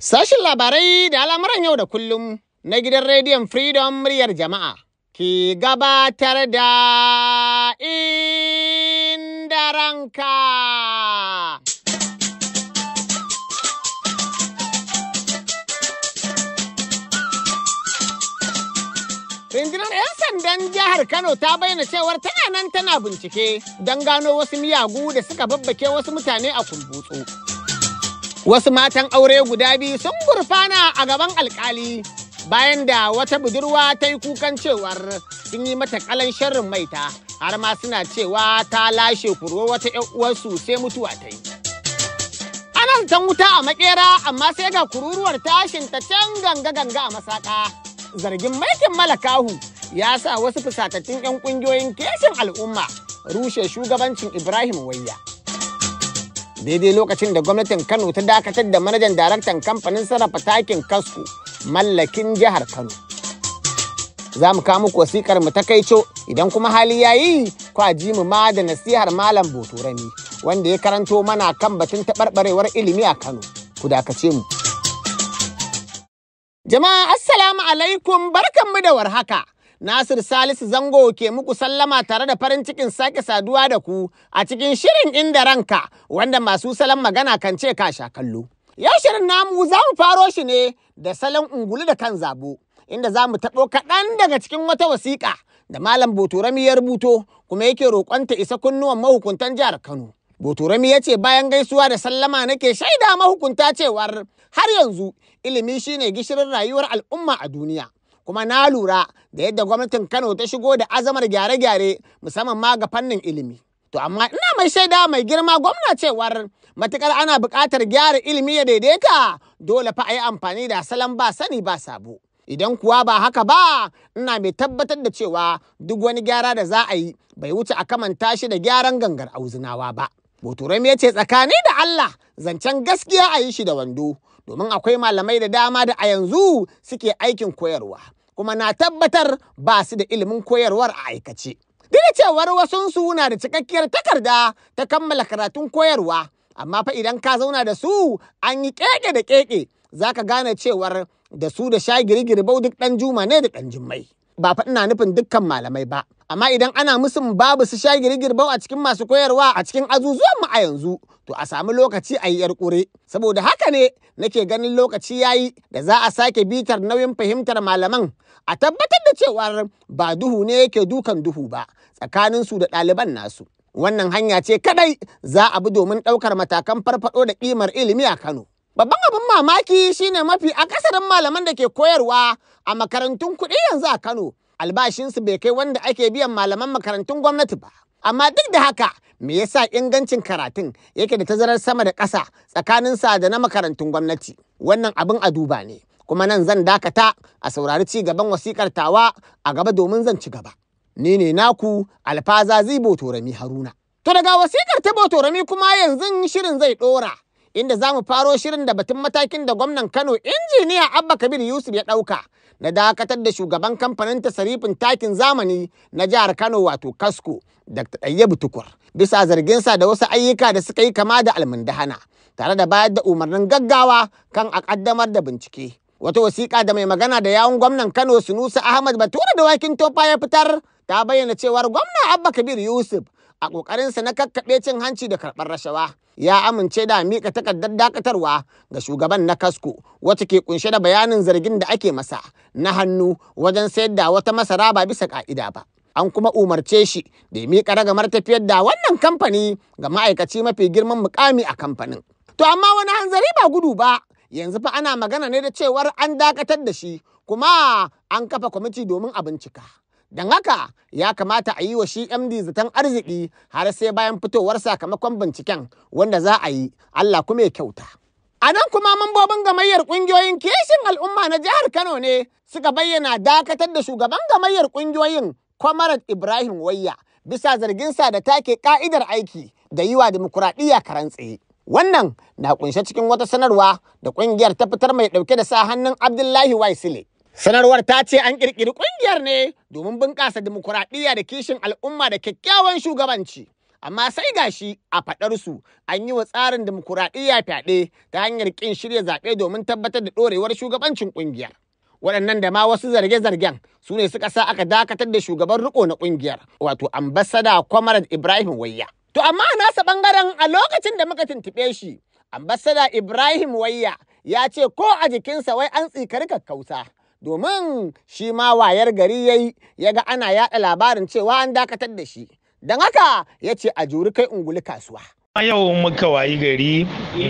Sashin labarai da al'amuran yau da kullum na gidan rediyon Freedom muryar jama'a ke gabatar da inda ranka. Rundunar 'yan sandan jihar Kano ta bayyana cewar tana nan tana bincike don gano wasu miyagu da suka babbake wasu mutane a kumbutsu. Wasu matan aure guda biyu sun gurfana a gaban alkali bayan da wata budurwa ta yi kukan cewar sun yi mata kalan sharrin maita har ma suna cewa ta lashe kurwa wata uwarsu sai mutuwa ta yi. Ana ta wuta a makera amma sai ga kururuwar tashin ta can ganga-ganga a masaka. Zargin maikin malakahu ya sa wasu fusatattun 'yan kungiyoyin keshin al'umma rushe shugabancin Ibrahim Wayya. daidai lokacin da gwamnatin kano ta dakatar da manajan daraktan kamfanin sarrafa takin kasko mallakin jihar kano za mu kawo muku wasikar mu takaico idan kuma hali ya yi ji mu ma da nasihar malam botorami wanda ya karanto mana kan batun taɓarɓarewar ilimi a kano ku dakace mu jama'a assalamu alaikum barkanmu da warhaka Nasir Salisu Zango ke muku sallama tare da farin cikin sake saduwa da ku a cikin shirin inda ranka wanda masu salon magana kan ce ka sha kallo. Yau shirin namu za mu faro shi ne da salon ungulu da kan zabo inda za mu taɓo kaɗan daga cikin wata wasiƙa da Malam Botorami ya rubuto kuma yake roƙonta isa kunnuwan mahukuntan jihar Kano. Botorami ya ce bayan gaisuwa da sallama nake shaida mahukunta cewar har yanzu ilimi shine gishirin rayuwar al'umma a duniya. kuma na lura da yadda gwamnatin Kano ta shigo da azamar gyare-gyare musamman ma ga fannin ilimi. To amma ina mai shaida mai girma gwamna cewar matukar ana buƙatar gyara ilimi ya daidaita dole fa a yi amfani da salon ba sani ba sabo. Idan kuwa ba haka ba ina mai tabbatar da cewa duk wani gyara da za a yi bai wuce a kamanta shi da gyaran gangar auzinawa ba. Rami ya ce tsakani da Allah zancen gaskiya a yi shi da wando domin akwai malamai da dama da a yanzu suke aikin koyarwa. kuma na tabbatar ba su da ilimin koyarwar a aikace. Duk cewar wasunsu na da cikakkiyar takarda ta kammala karatun koyarwa, amma fa idan ka zauna da su an yi keke da keke za ka gane cewar da su da sha girgiri duk ɗan juma ne da ɗan jummai. ba fa ina nufin dukkan malamai ba amma idan ana musun babu su sha girgirbau a cikin masu koyarwa a cikin azuzuwan mu a yanzu to a samu lokaci a yi yar kure saboda haka ne nake ganin lokaci yayi da za a sake bitar nauyin fahimtar malaman a tabbatar da cewa ba duhu ne yake dukan duhu ba tsakanin su da ɗaliban nasu wannan hanya ce kadai za a bi domin ɗaukar matakan farfaɗo da ƙimar ilimi a Kano Babban abin mamaki shine mafi akasarin malaman da ke koyarwa a makarantun kuɗi yanzu a Kano albashinsu bai kai wanda ake biyan malaman makarantun gwamnati ba. Amma duk da haka me yasa ingancin karatun yake da tazarar sama da ƙasa tsakanin sa da na makarantun gwamnati. Wannan abin a duba ne. Kuma nan zan dakata a saurari ci gaban wasikar tawa a gaba domin zan ci gaba. Ni ne naku Alfaza Zibo Torami Haruna. To daga wasikar ta Botorami kuma yanzu shirin zai ɗora. inda za mu faro shirin da batun matakin da gwamnan Kano injiniya Abba Kabir Yusuf ya ɗauka na dakatar da shugaban kamfanin tasarifin takin zamani na jihar Kano wato Kasko Dr. Ɗayyabu Tukur bisa zarginsa da wasu ayyuka da suka yi kama da almundahana tare da bayar da umarnin gaggawa kan a ƙaddamar da bincike. Wata wasiƙa da mai magana da yawun gwamnan Kano Sunusa Ahmad Bature da wakin tofa ya fitar ta bayyana cewar gwamna Abba Kabir Yusuf a ƙoƙarinsa na kakkaɓe cin hanci da karɓar rashawa. Ya amince da mika takardar dakatarwa ga shugaban na kasko wacce ke kunshe da bayanin zargin da ake masa na hannu wajen sayar da wata masara ba bisa ƙa'ida ba. An kuma umarce shi da ya miƙa ragamar tafiyar da wannan kamfani ga ma'aikaci mafi girman mukami a kamfanin. To amma wani hanzari ba gudu ba yanzu fa ana magana ne da cewar an dakatar da shi kuma an kafa kwamiti domin a bincika. Don haka ya kamata a yi wa shi MD zaton arziki har sai bayan fitowar sakamakon binciken wanda za a yi Allah kuma ya kyauta. A nan kuma mambobin gamayyar ƙungiyoyin kishin al'umma na jihar Kano ne suka bayyana dakatar da shugaban gamayyar ƙungiyoyin Kwamarat Ibrahim Wayya bisa zarginsa da take ka'idar aiki da yi wa dimokuraɗiyya karan tsaye. Wannan na kunshe cikin wata sanarwa da ƙungiyar ta fitar mai ɗauke da sa hannun Abdullahi Waisile. Sanarwar ta ce an ƙirƙiri ƙungiyar ne domin bunƙasa dimokuraɗiyya da kishin al'umma da kyakkyawan shugabanci. Amma sai gashi a faɗarsu an yi wa tsarin dimokuraɗiyya fyaɗe ta hanyar ƙin shirya zaɓe domin tabbatar da ɗorewar shugabancin ƙungiyar. Waɗannan da ma wasu zarge-zargen su ne suka sa aka dakatar da shugaban riƙo na ƙungiyar wato ambasada Kwamarad Ibrahim Wayya. To amma a nasa ɓangaren a lokacin da muka tuntuɓe shi ambasada Ibrahim Wayya ya ce ko a jikinsa wai an tsikari kakkausa. domin shi ma wayar gari ya yi ya ga ana yaɗa labarin cewa an dakatar da shi don haka ya ce a juri kai unguli kasuwa. yau muka wayi gari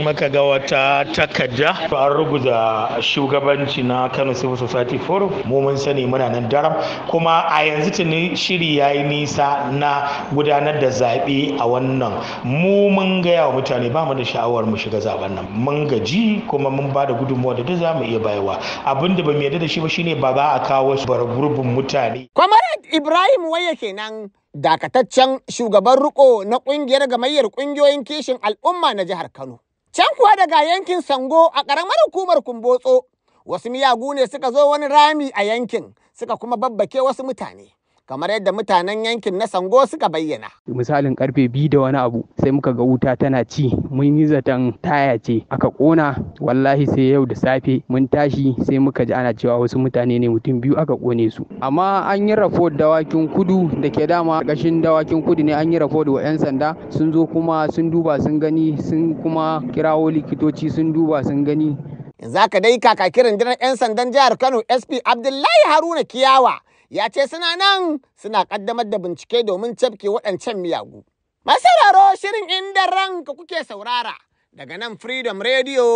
muka ga wata takarda an ruguza shugabanci na kano civil society forum mu mun sani muna nan daram kuma a yanzu tuni shiri ya yi nisa na gudanar da zaɓe a wannan mu mun gaya wa mutane ba mu da sha'awar mu shiga zaɓen nan mun gaji kuma mun ba da gudunmuwa da duk za mu iya bayarwa abin da ba mu yarda da shi ba shine ba za a kawo gurbin mutane. kwamarat ibrahim waya kenan dakataccen shugaban riko na ƙungiyar gamayyar kungiyoyin kishin al'umma na jihar Kano. Can kuwa daga yankin Sango a ƙaramar hukumar Kumbotso, wasu miyagu ne suka zo wani rami a yankin suka kuma babbake wasu mutane. kamar yadda mutanen yankin na sango suka bayyana. Misalin karfe biyu da wani abu sai muka ga wuta tana ci mun yi zaton taya ce aka kona wallahi sai yau da safe mun tashi sai muka ji ana cewa wasu mutane ne mutum biyu aka kone su. Amma an yi rafod dawakin kudu da ke dama kashin dawakin kudu ne an yi rafod wa 'yan sanda sun zo kuma sun duba sun gani sun kuma kirawo likitoci sun duba sun gani. Zaka dai dai kakakin jiran 'yan sandan jihar Kano SP Abdullahi Haruna Kiyawa ya ce suna nan suna kaddamar da bincike domin cafke waɗancan miyagu. Masararo shirin inda ranka kuke saurara daga nan Freedom Radio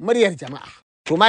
muryar jama'a. Kuma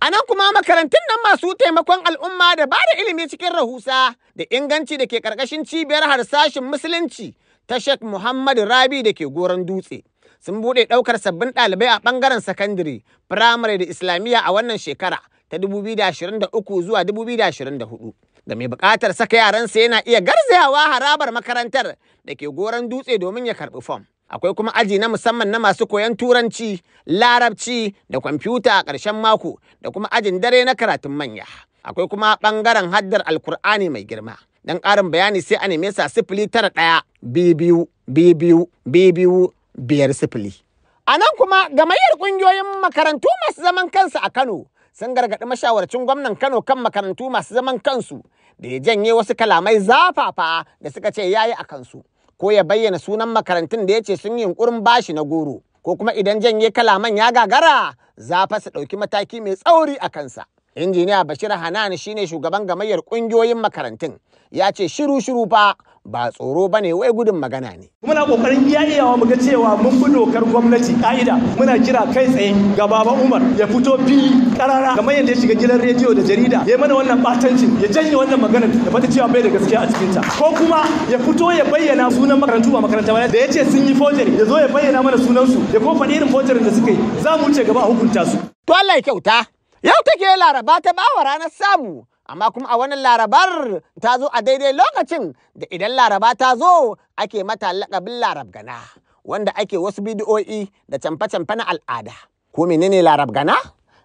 A nan kuma makarantun nan masu taimakon al'umma da ba da ilimi cikin rahusa da inganci da ke ƙarƙashin cibiyar harsashin musulunci ta Sheikh Muhammadu Rabi da ke goron dutse. sun buɗe ɗaukar sabbin ɗalibai a ɓangaren sakandare, firamare da islamiyya a wannan shekara ta 2023 zuwa 2024. da mai buƙatar saka yaransa yana iya garzayawa harabar makarantar da ke goron dutse domin ya karɓi fom. Akwai kuma aji na musamman na masu koyon turanci, larabci da kwamfuta a ƙarshen mako da kuma ajin dare na karatun manya. Akwai kuma ɓangaren haddar Alkur'ani mai girma. Don ƙarin bayani sai a neme sa sifili tara ɗaya biyu biyu biyu biyar sifili. A nan kuma gamayyar ƙungiyoyin makarantu masu zaman kansu a Kano sun gargaɗi mashawarcin gwamnan Kano kan makarantu masu zaman kansu da ya janye wasu kalamai zafafa da suka ce ya yi a kansu ko ya bayyana sunan makarantun da ya ce sun yi yunkurin bashi na goro ko kuma idan janye kalaman ya gagara za fa su ɗauki mataki mai tsauri a kansa. Injiniya Bashir Hanan shine shugaban gamayyar ƙungiyoyin makarantun ya ce shiru shiru fa ba tsoro ba ne wai gudun magana ne. Muna kokarin iya iyawa muga cewa mun bi dokar gwamnati ka'ida muna kira kai tsaye ga Baba Umar ya fito fili karara kamar yadda ya shiga gidan rediyo da jarida ya mana wannan batancin ya janye wannan maganar da fata cewa bai da gaskiya a cikinta ko kuma ya fito ya bayyana sunan makarantu ba makaranta ba da ya ce sun yi forgery ya zo ya bayyana mana sunansu ya ko faɗi irin forgery da suka yi za mu wuce gaba a hukunta su. To Allah ya kyauta yau take laraba ta bawa ranar samu amma kuma a wannan larabar ta zo a daidai lokacin da idan laraba ta zo ake mata laƙabin larabgana wanda ake wasu bidiyo'i da camfe-camfe na al'ada ko menene larabgana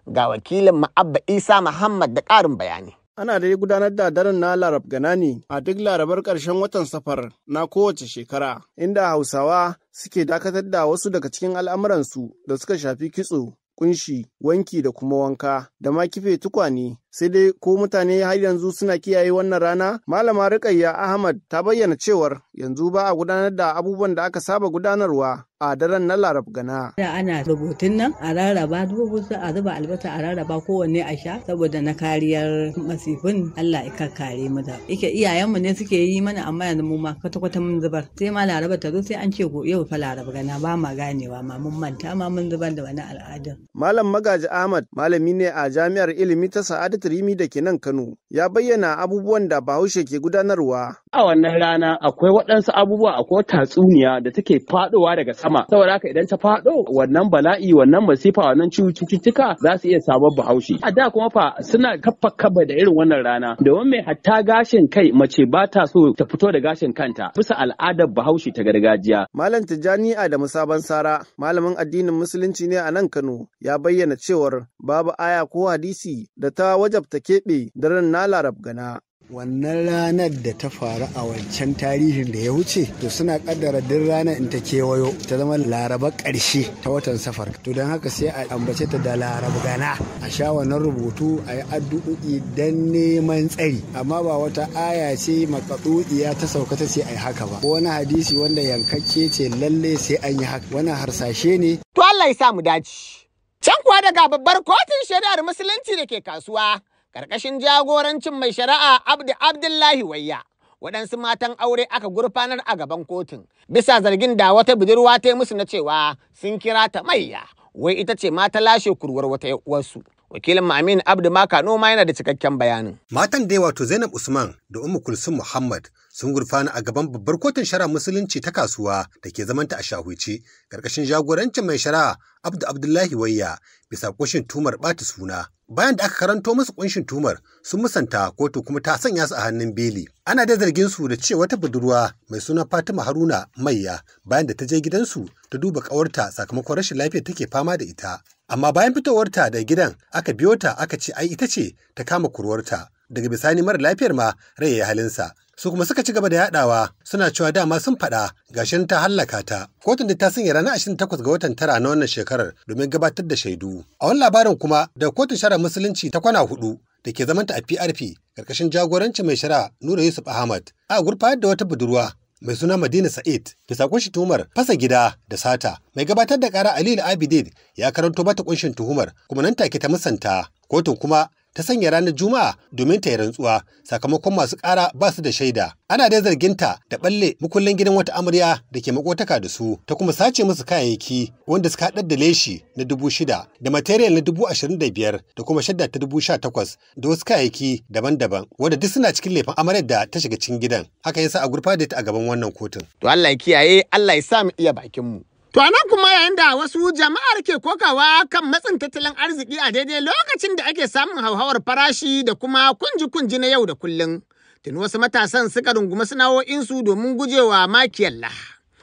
ga wakilin ma'abba isa muhammad da ƙarin bayani ana dai gudanar da daren na larabgana ne. a duk larabar ƙarshen watan safar na kowace shekara inda hausawa suke dakatar da wasu daga cikin al'amuransu da suka shafi kitso kunshi wanki da kuma wanka da ma kife tukwane sai dai ko mutane har yanzu suna kiyaye wannan rana malama rikayya ahmad ta bayyana cewar yanzu ba a gudanar da abubuwan da aka saba gudanarwa a daren na larab gana. Da ana rubutun nan a rarraba dubu a zuba albasa a rarraba kowanne a sha saboda na kariyar masifin Allah ya kare mu da. iyayenmu ne suke yi mana amma yanzu mu ma kwata kwata mun zubar. Sai ma laraba ta zo sai an ce ko yau fa larab gana ba ma ganewa ma mun manta ma mun zubar da wani al'adun. Malam Magaji Ahmad malami ne a jami'ar ilimi ta sa'ad Rimi da ke nan Kano ya bayyana abubuwan da Bahaushe ke gudanarwa. A wannan rana akwai waɗansu abubuwa akwai tatsuniya da take faɗowa daga sama. Saboda haka idan ta faɗo wannan bala'i wannan masifa wannan cututtuka za su iya sabon Bahaushe. A da kuma fa suna kafa kaba da irin wannan rana domin mai hatta gashin kai mace ba ta so ta fito da gashin kanta bisa al'adar Bahaushe ta gargajiya. Malam Tijjani da Sabon Sara malamin addinin Musulunci ne a nan Kano ya bayyana cewar babu aya ko hadisi da ta ta keɓe daren na larab gana wannan ranar da ta faru a wancan tarihin da ya wuce to suna kaddara duk ranar in ta kewayo ta zama laraba ƙarshe ta watan safar to don haka sai a ambace ta da laraba gana a sha wannan rubutu a yi addu'o'i don neman tsari amma ba wata aya ce makaɗuɗiya ta sauka ta sai a yi haka ba wani hadisi wanda yankakke ce lalle sai an yi haka wani harsashe ne to Allah ya sa mu dace Can kuwa daga babbar kotun shari'ar musulunci da ke kasuwa, ƙarƙashin jagorancin mai shari'a Abdi Abdullahi Wayya. Waɗansu matan aure aka gurfanar a gaban kotun, bisa zargin da wata budurwa ta yi musu na cewa sun kira ta mayya, wai ita ce mata lashe kurwar wata wasu. Wakilin Mamin Abdu Makano ma yana da cikakken bayanin. Matan yawa wato Zainab Usman da Ummu Kulsum Muhammad sun gurfana a gaban babbar kotun shara musulunci ta kasuwa da ke zamanta a shahuci karkashin jagorancin mai shara abdu abdullahi wayya bisa kunshin tumar bata suna bayan da aka karanto musu kunshin tumar sun musanta kotu kuma ta sanya su a hannun beli ana da zargin su da cewa wata budurwa mai suna fatima haruna maiya bayan da ta je gidansu ta duba ƙawarta sakamakon rashin lafiya take fama da ita amma bayan fitowarta da gidan aka biyo ta aka ce ai ita ce ta kama kurwarta daga bisani mara lafiyar ma rai ya halinsa su kuma suka ci gaba da yadawa suna cewa dama sun faɗa gashin ta hallaka ta kotun da ta sanya ranar 28 ga watan tara na wannan shekarar domin gabatar da shaidu a wani labarin kuma da kotun shara musulunci ta kwana hudu da ke zamanta a PRP karkashin jagoranci mai shara Nura Yusuf Ahmad a gurfanar da wata budurwa mai suna Madina Sa'id da bisa shi tuhumar fasa gida da sata mai gabatar da kara Aliyu Abidin ya karanto mata kunshin tuhumar kuma nan take ta musanta kotun kuma ta sanya ranar Juma'a domin ta yi rantsuwa sakamakon masu kara ba su da shaida. Ana dai zarginta da balle mukullin gidan wata amarya da ke makotaka da su ta kuma sace musu kayayyaki wanda suka haɗar da leshi na dubu shida da material na dubu ashirin da biyar da kuma shadda ta dubu sha takwas da wasu kayayyaki daban-daban wanda duk suna cikin laifin amaryar da ta shiga cikin gidan. Haka yasa a gurfa da ta a gaban wannan kotun. To Allah ya kiyaye Allah ya sa mu iya bakin mu. To anan kuma yayin da wasu jama'ar ke kokawa kan matsin tattalin arziki a daidai lokacin da ake samun hauhawar farashi da kuma kunji-kunji na yau da kullum. Tun wasu matasan suka rungumi sana'o'insu domin gujewa makiyalla.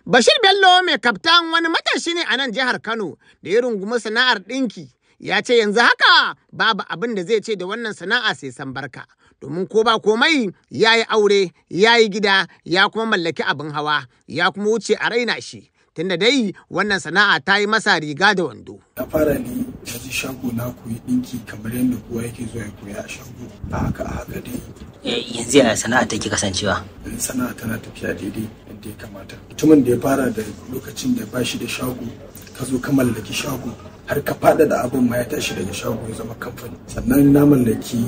Bashir Bello mai kaftan wani matashi ne a nan jihar Kano da ya rungumi sana'ar ɗinki. Ya ce yanzu haka babu abin da zai ce da wannan sana'a sai san barka. domin ko ba komai ya yi aure ya yi gida ya kuma mallaki abin hawa ya kuma wuce a raina shi tunda dai wannan sana'a ta yi masa riga da wando. Na fara ne na ji shago na koyi ɗinki kamar yadda kowa yake zuwa ya koya a shago a haka a haka dai. Yanzu yaya sana'a ta ke kasancewa? Sana'a tana tafiya daidai yadda ya kamata. Mutumin da ya fara da lokacin da ba shi da shago ka zo ka mallaki shago har ka fada da abin ma ya tashi daga shago ya zama kamfani sannan na mallaki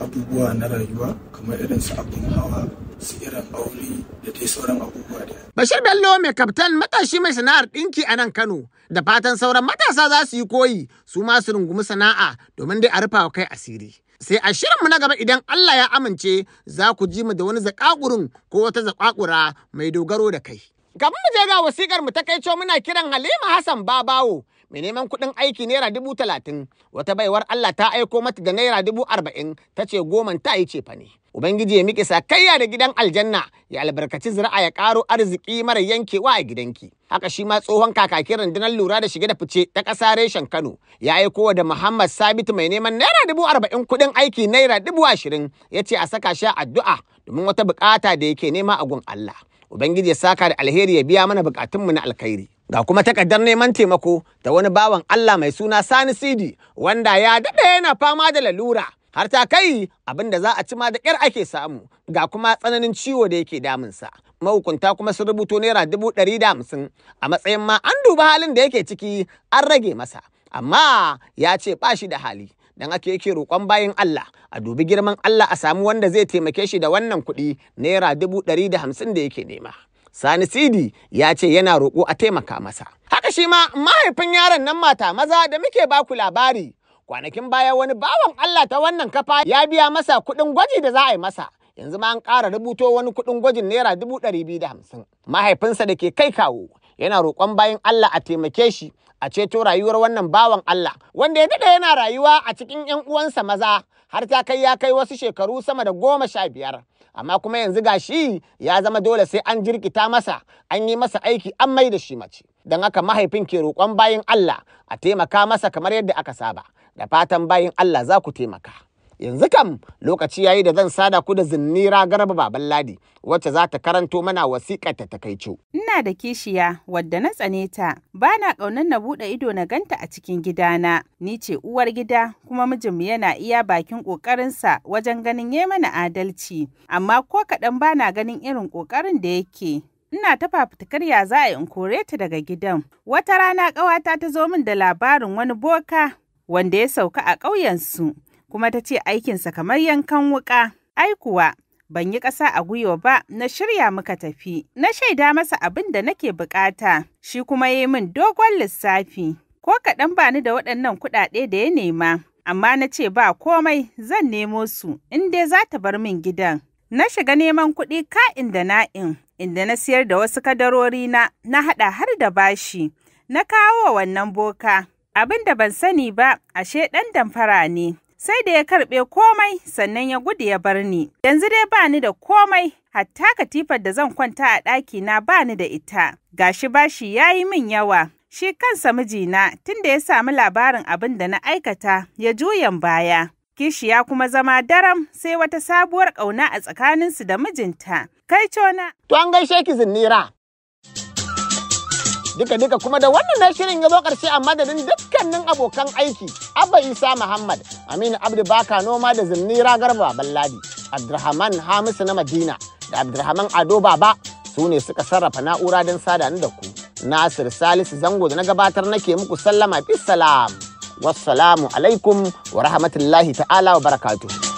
abubuwa na rayuwa kamar irin su abin hawa su irin aure da dai sauran abubuwa da Bashir Bello mai kaftan matashi mai sana'ar ɗinki a nan Kano da fatan sauran matasa za su yi koyi su ma su rungumi sana'a domin dai a rufa kai asiri. sai a shirin mu na gaba idan Allah ya amince za ku ji mu da wani zakakurin ko wata zakakura mai dogaro da kai. Kafin mu je ga wasikar mu ta kai muna kiran Halima Hassan Babawo mai neman kuɗin aiki naira dubu talatin wata baiwar Allah ta aiko mata da naira dubu arba'in ta ce goman ta yi cefa ne. Ubangiji ya miƙe sakayya da gidan aljanna ya albarkaci zira'a ya ƙaro arziki mara yankewa a gidanki. Haka shi ma tsohon kakakin rundunar lura da shige da fice ta ƙasa reshen Kano ya yi aiko da Muhammad Sabitu mai neman naira dubu arba'in kuɗin aiki naira dubu ashirin ya ce a saka shi addu'a domin wata buƙata da yake nema a gun Allah. Ubangiji ya saka da alheri ya biya mana buƙatunmu na alkhairi. Ga kuma takardar neman taimako ta wani bawan Allah mai suna Sani Sidi wanda ya daɗe yana fama da lalura har ta kai abin da za a ci ma da ƙyar ake samu ga kuma tsananin ciwo da yake damunsa. Mahukunta kuma sun rubuto naira dubu ɗari da hamsin a matsayin ma an duba halin da yake ciki an rage masa amma ya ce ba shi da hali. dan ake yake roƙon bayan Allah a dubi girman Allah a samu wanda zai taimake shi da wannan kuɗi naira dubu ɗari da hamsin da yake nema. Sani Sidi ya ce yana roƙo a taimaka masa. Haka shi ma mahaifin yaron nan mata maza da muke baku labari. Kwanakin baya wani bawan Allah ta wannan kafa ya biya masa kuɗin gwaji da za a yi masa. Yanzu ma an ƙara rubuto wani kuɗin gwajin naira dubu ɗari biyu da hamsin. Mahaifinsa da ke kai kawo yana roƙon bayan Allah a taimake shi a ceto rayuwar wannan bawan Allah wanda ya daɗe yana rayuwa a cikin 'yan uwansa maza har ta kai ya kai wasu shekaru sama da goma sha biyar amma kuma yanzu ga shi ya zama dole sai an jirkita masa an yi masa aiki an mai da shi mace don haka mahaifin ke roƙon bayin Allah a taimaka masa kamar yadda aka saba da fatan bayin Allah za ku taimaka. yanzu kam lokaci ya yi da zan sada ku da zinnira garba baban ladi wacce za ta karanto mana wasiƙar ta takaico. Ina da kishiya wadda na tsane ta Bana na ƙaunar na buɗe ido na ganta a cikin gidana ni ce uwar gida kuma mijinmu yana iya bakin ƙoƙarinsa wajen ganin ya mana adalci amma ko kaɗan bana ganin irin ƙoƙarin da yake ina ta fafutukar ya za a in kore ta daga gidan. Wata rana ƙawata ta zo min da labarin wani boka wanda ya sauka a ƙauyensu kuma ta ce aikinsa kamar yankan wuƙa. Ai kuwa, ban yi ƙasa a gwiwa ba, na shirya muka tafi, na shaida masa abin da nake bukata shi kuma yi min dogon lissafi. Ko kaɗan ba ni da waɗannan kuɗaɗe da ya nema, amma na ce ba komai zan nemo su, in dai za ta bar min gidan. Na shiga neman kuɗi ka'in da na'in, inda na siyar da wasu kadarori na, na haɗa har da bashi, na kawo wa wannan boka. Abin da ban sani ba, ashe ɗan damfara ne. sai da ya karɓe komai sannan ya gudu ya bar ni. Yanzu dai ba ni da komai, hatta katifar da zan kwanta a ɗaki na ba ni da ita. Gashi bashi ya yi min yawa. Shi kansa mijina tun da ya samu labarin abin da na aikata ya juyan baya. Kishiya kuma zama daram sai wata sabuwar ƙauna a tsakaninsu da mijinta. Kai cona. To an gaishe ki zinnira. Duka duka kuma da wannan na shirin ya zo ƙarshe a madadin dukkanin abokan aiki. Abba Isa Muhammad, Aminu Abdu Baka Noma da Zinnira Garba Balladi, abdurrahman Hamisu na Madina da abdurrahman Ado Baba su ne suka sarrafa na'ura don sada da ku. Nasir Salisu Zango da na gabatar nake muku sallama fi salam. Wassalamu alaikum wa rahmatullahi ta'ala wa barakatuhu.